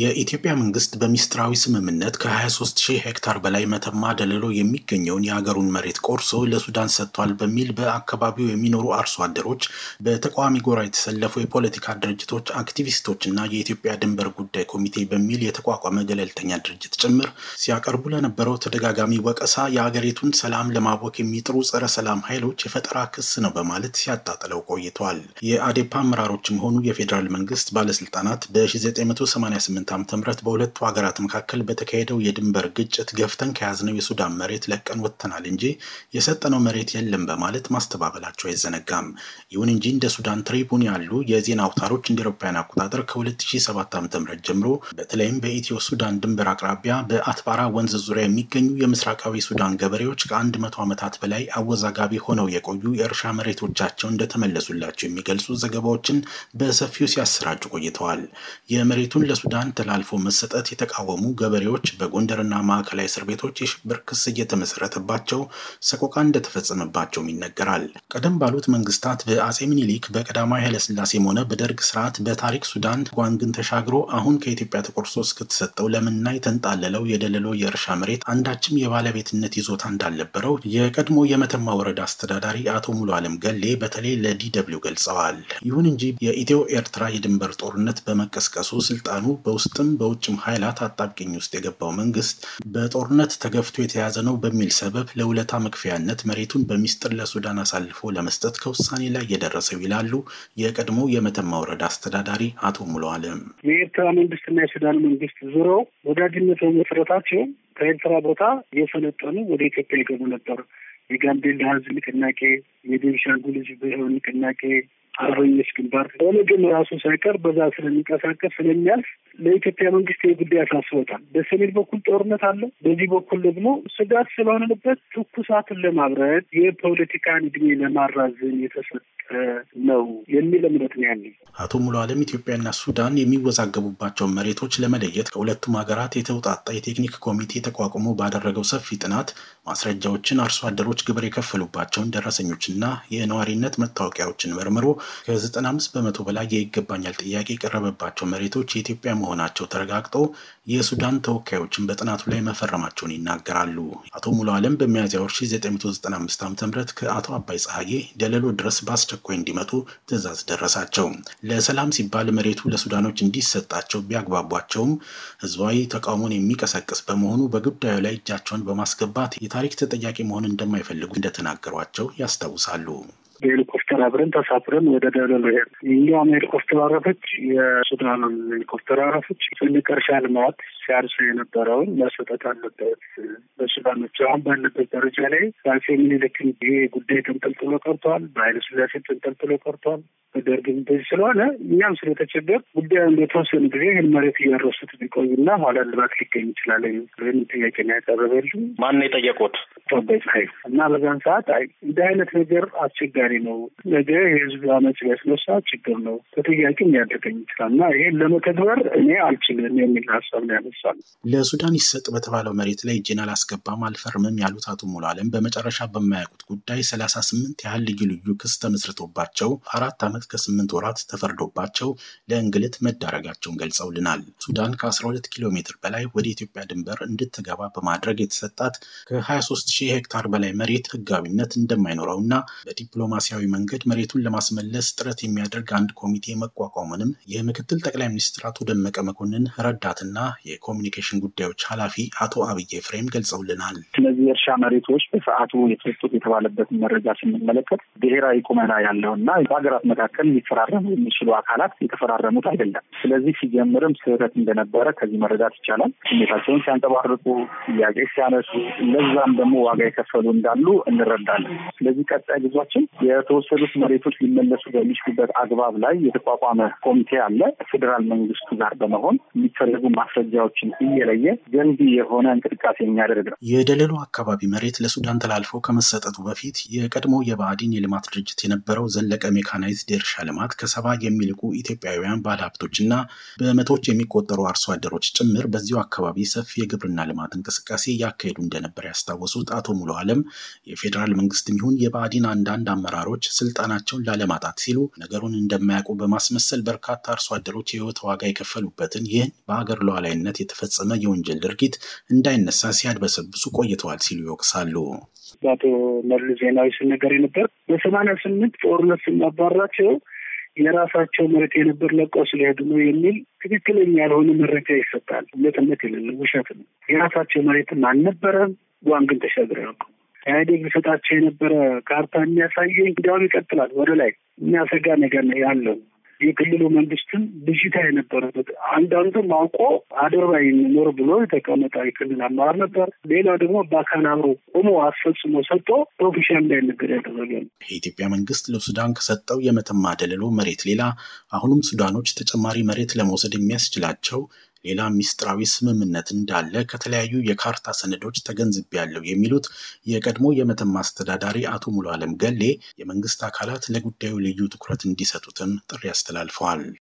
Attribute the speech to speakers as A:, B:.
A: የኢትዮጵያ መንግስት በሚስጥራዊ ስምምነት ከ23 ሺህ ሄክታር በላይ መተማ ደለሎ የሚገኘውን የሀገሩን መሬት ቆርሶ ለሱዳን ሰጥቷል በሚል በአካባቢው የሚኖሩ አርሶ አደሮች፣ በተቃዋሚ ጎራ የተሰለፉ የፖለቲካ ድርጅቶች፣ አክቲቪስቶችና የኢትዮጵያ ድንበር ጉዳይ ኮሚቴ በሚል የተቋቋመ ገለልተኛ ድርጅት ጭምር ሲያቀርቡ ለነበረው ተደጋጋሚ ወቀሳ የአገሪቱን ሰላም ለማወክ የሚጥሩ ጸረ ሰላም ኃይሎች የፈጠራ ክስ ነው በማለት ሲያጣጥለው ቆይቷል። የአዴፓ አመራሮችም ሆኑ የፌዴራል መንግስት ባለስልጣናት በ1986 2018 ዓ ም በሁለቱ ሀገራት መካከል በተካሄደው የድንበር ግጭት ገፍተን ከያዝነው የሱዳን መሬት ለቀን ወጥተናል እንጂ የሰጠነው መሬት የለም በማለት ማስተባበላቸው አይዘነጋም። ይሁን እንጂ እንደ ሱዳን ትሪቡን ያሉ የዜና አውታሮች እንደ አውሮፓውያን አቆጣጠር ከ2007 ዓ ም ጀምሮ በተለይም በኢትዮ ሱዳን ድንበር አቅራቢያ በአትባራ ወንዝ ዙሪያ የሚገኙ የምስራቃዊ ሱዳን ገበሬዎች ከ100 ዓመታት በላይ አወዛጋቢ ሆነው የቆዩ የእርሻ መሬቶቻቸው እንደተመለሱላቸው የሚገልጹ ዘገባዎችን በሰፊው ሲያሰራጩ ቆይተዋል። የመሬቱን ለሱዳን ሚዛን ተላልፎ መሰጠት የተቃወሙ ገበሬዎች በጎንደርና ማዕከላዊ እስር ቤቶች የሽብር ክስ እየተመሰረተባቸው ሰቆቃ እንደተፈጸመባቸውም ይነገራል። ቀደም ባሉት መንግስታት በአጼ ሚኒሊክ በቀዳማዊ ኃይለስላሴም ሆነ በደርግ ስርዓት በታሪክ ሱዳን ጓንግን ተሻግሮ አሁን ከኢትዮጵያ ተቆርሶ እስክትሰጠው ለምና የተንጣለለው የደለሎ የእርሻ መሬት አንዳችም የባለቤትነት ይዞታ እንዳልነበረው የቀድሞ የመተማ ወረዳ አስተዳዳሪ አቶ ሙሉ አለም ገሌ በተለይ ለዲ ገልጸዋል። ይሁን እንጂ የኢትዮ ኤርትራ የድንበር ጦርነት በመቀስቀሱ ስልጣኑ በውስጥም በውጭም ኃይላት አጣብቂኝ ውስጥ የገባው መንግስት በጦርነት ተገፍቶ የተያዘ ነው በሚል ሰበብ ለውለታ መክፈያነት መሬቱን በሚስጥር ለሱዳን አሳልፎ ለመስጠት ከውሳኔ ላይ የደረሰው ይላሉ የቀድሞ የመተማ ወረዳ አስተዳዳሪ አቶ ሙሉ አለም።
B: የኤርትራ መንግስትና የሱዳን መንግስት ዙረው ወዳጅነት በመሰረታቸው ከኤርትራ ቦታ እየሰለጠኑ ወደ ኢትዮጵያ ይገቡ ነበር። የጋምቤላ ህዝብ ንቅናቄ፣ የቤንሻንጉል ህዝብ ንቅናቄ፣ አርበኞች ግንባር ኦነግም ራሱ ሳይቀር በዛ ስለሚንቀሳቀስ ስለሚያልፍ ለኢትዮጵያ መንግስት ይህ ጉዳይ ያሳስበታል። በሰሜን በኩል ጦርነት አለ፣ በዚህ በኩል ደግሞ ስጋት ስለሆነበት ትኩሳትን ለማብረድ የፖለቲካን እድሜ ለማራዘም የተሰጠ ነው የሚል እምነት ነው ያለኝ።
A: አቶ ሙሉ አለም ኢትዮጵያና ሱዳን የሚወዛገቡባቸውን መሬቶች ለመለየት ከሁለቱም ሀገራት የተውጣጣ የቴክኒክ ኮሚቴ ተቋቁሞ ባደረገው ሰፊ ጥናት ማስረጃዎችን አርሶ አደሮች ግብር የከፈሉባቸውን ደረሰኞችና የነዋሪነት መታወቂያዎችን መርምሮ ከ95 በመቶ በላይ የይገባኛል ጥያቄ የቀረበባቸው መሬቶች የኢትዮጵያ መሆናቸው ተረጋግጦ የሱዳን ተወካዮችን በጥናቱ ላይ መፈረማቸውን ይናገራሉ። አቶ ሙሉ አለም በሚያዝያ ወር 1995 ዓ ም ከአቶ አባይ ጸሐዬ ደለሎ ድረስ በአስቸኳይ እንዲመጡ ትእዛዝ ደረሳቸው። ለሰላም ሲባል መሬቱ ለሱዳኖች እንዲሰጣቸው ቢያግባቧቸውም ህዝባዊ ተቃውሞን የሚቀሰቅስ በመሆኑ በጉዳዩ ላይ እጃቸውን በማስገባት የታሪክ ተጠያቂ መሆን እንደማይፈልጉ እንደተናገሯቸው ያስታውሳሉ።
B: ተቀናብረን ተሳፍረን ወደ ደለሎ ሄድ እኛም ሄሊኮፕተር አረፈች። የሱዳኑን ሄሊኮፕተር አረፈች። ትልቅ እርሻ ልማት ሲያርሰ የነበረውን መሰጠት አለበት በሱዳኖች። አሁን ባለበት ደረጃ ላይ ራሴ ምኒልክን ይሄ ጉዳይ ተንጠልጥሎ ቀርተዋል። በኃይለ ስላሴ ተንጠልጥሎ ቀርተዋል። በደርግም በዚህ ስለሆነ እኛም ስለተቸገር ጉዳዩ በተወሰኑ ጊዜ ይህን መሬት እያረሱት ሊቆዩና ኋላ ልባት ሊገኝ ይችላል ወይም ጥያቄ ነው ያቀረበልኝ።
A: ማን ነው የጠየቁት?
B: ተወባይ እና በዛን ሰዓት እንደ አይነት ነገር አስቸጋሪ ነው ነገ የህዝብ አመት ሊያስነሳ ችግር ነው፣ ተጠያቂም ሊያደርገኝ ይችላል እና ይሄን ለመተግበር እኔ አልችልም የሚል ሀሳብ ነው
A: ያነሳል። ለሱዳን ይሰጥ በተባለው መሬት ላይ እጄን አላስገባም አልፈርምም ያሉት አቶ ሙሉ አለም በመጨረሻ በማያውቁት ጉዳይ ሰላሳ ስምንት ያህል ልዩ ልዩ ክስ ተመስርቶባቸው አራት ዓመት ከስምንት ወራት ተፈርዶባቸው ለእንግልት መዳረጋቸውን ገልጸውልናል። ሱዳን ከ12 ኪሎ ሜትር በላይ ወደ ኢትዮጵያ ድንበር እንድትገባ በማድረግ የተሰጣት ከ23 ሺህ ሄክታር በላይ መሬት ህጋዊነት እንደማይኖረውና በዲፕሎማሲያዊ መንገድ መንገድ መሬቱን ለማስመለስ ጥረት የሚያደርግ አንድ ኮሚቴ መቋቋሙንም የምክትል ጠቅላይ ሚኒስትር አቶ ደመቀ መኮንን ረዳትና የኮሚኒኬሽን ጉዳዮች ኃላፊ አቶ አብይ ፍሬም ገልጸውልናል።
B: የእርሻ መሬቶች በሰዓቱ የተሰጡት የተባለበትን መረጃ ስንመለከት ብሔራዊ ቁመና ያለውና በሀገራት መካከል ሊፈራረሙ የሚችሉ አካላት የተፈራረሙት አይደለም። ስለዚህ ሲጀምርም ስህተት እንደነበረ ከዚህ መረዳት ይቻላል። ስሜታቸውን ሲያንጸባርቁ፣ ጥያቄ ሲያነሱ፣ ለዛም ደግሞ ዋጋ የከፈሉ እንዳሉ እንረዳለን። ስለዚህ ቀጣይ ጉዟችን የተወሰዱት መሬቶች ሊመለሱ በሚችሉበት አግባብ ላይ የተቋቋመ ኮሚቴ አለ። ፌዴራል መንግስቱ ጋር በመሆን የሚፈለጉ ማስረጃዎችን እየለየ ገንቢ የሆነ እንቅስቃሴ የሚያደርግ ነው።
A: የደለሉ አካባቢ መሬት ለሱዳን ተላልፎ ከመሰጠቱ በፊት የቀድሞ የባዕዲን የልማት ድርጅት የነበረው ዘለቀ ሜካናይዝድ የእርሻ ልማት ከሰባ የሚልቁ ኢትዮጵያውያን ባለሀብቶችና በመቶዎች የሚቆጠሩ አርሶ አደሮች ጭምር በዚሁ አካባቢ ሰፊ የግብርና ልማት እንቅስቃሴ እያካሄዱ እንደነበር ያስታወሱት አቶ ሙሉ አለም የፌዴራል መንግስትም ይሁን የባዕዲን አንዳንድ አመራሮች ስልጣናቸውን ላለማጣት ሲሉ ነገሩን እንደማያውቁ በማስመሰል በርካታ አርሶ አደሮች የህይወት ዋጋ የከፈሉበትን ይህን በአገር ሉዓላዊነት የተፈጸመ የወንጀል ድርጊት እንዳይነሳ ሲያድበሰብሱ ቆይተዋል ሲሉ ይወቅሳሉ።
B: በአቶ መሉ ዜናዊ ሲነገር የነበር በሰማንያ ስምንት ጦርነት ስናባራቸው የራሳቸው መሬት የነበር ለቀው ስለሄዱ ነው የሚል ትክክለኛ ያልሆነ መረጃ ይሰጣል። እውነትነት የሌለ ውሸት ነው። የራሳቸው መሬትም አልነበረም። ጓንግን ግን ተሻግረ ያውቁ ኢህአዴግ ሊሰጣቸው የነበረ ካርታ የሚያሳየኝ እንዲያውም ይቀጥላል ወደ ላይ የሚያሰጋ ነገር ነው ያለው የክልሉ መንግስትም ብዥታ የነበረበት አንዳንዱም አውቆ አድርባይ ኖር ብሎ የተቀመጠ የክልል አመራር ነበር። ሌላ ደግሞ በአካል አብሮ ቆሞ አስፈጽሞ ሰጥቶ ፕሮፌሽን እንዳይነገር ያደረገ ነው።
A: የኢትዮጵያ መንግስት ለሱዳን ከሰጠው የመተማ ደለሎ መሬት ሌላ አሁንም ሱዳኖች ተጨማሪ መሬት ለመውሰድ የሚያስችላቸው ሌላ ሚስጥራዊ ስምምነት እንዳለ ከተለያዩ የካርታ ሰነዶች ተገንዝቤያለሁ የሚሉት የቀድሞ የመተማ አስተዳዳሪ አቶ ሙሉ አለም ገሌ የመንግስት አካላት ለጉዳዩ ልዩ ትኩረት እንዲሰጡትም ጥሪ አስተላልፈዋል።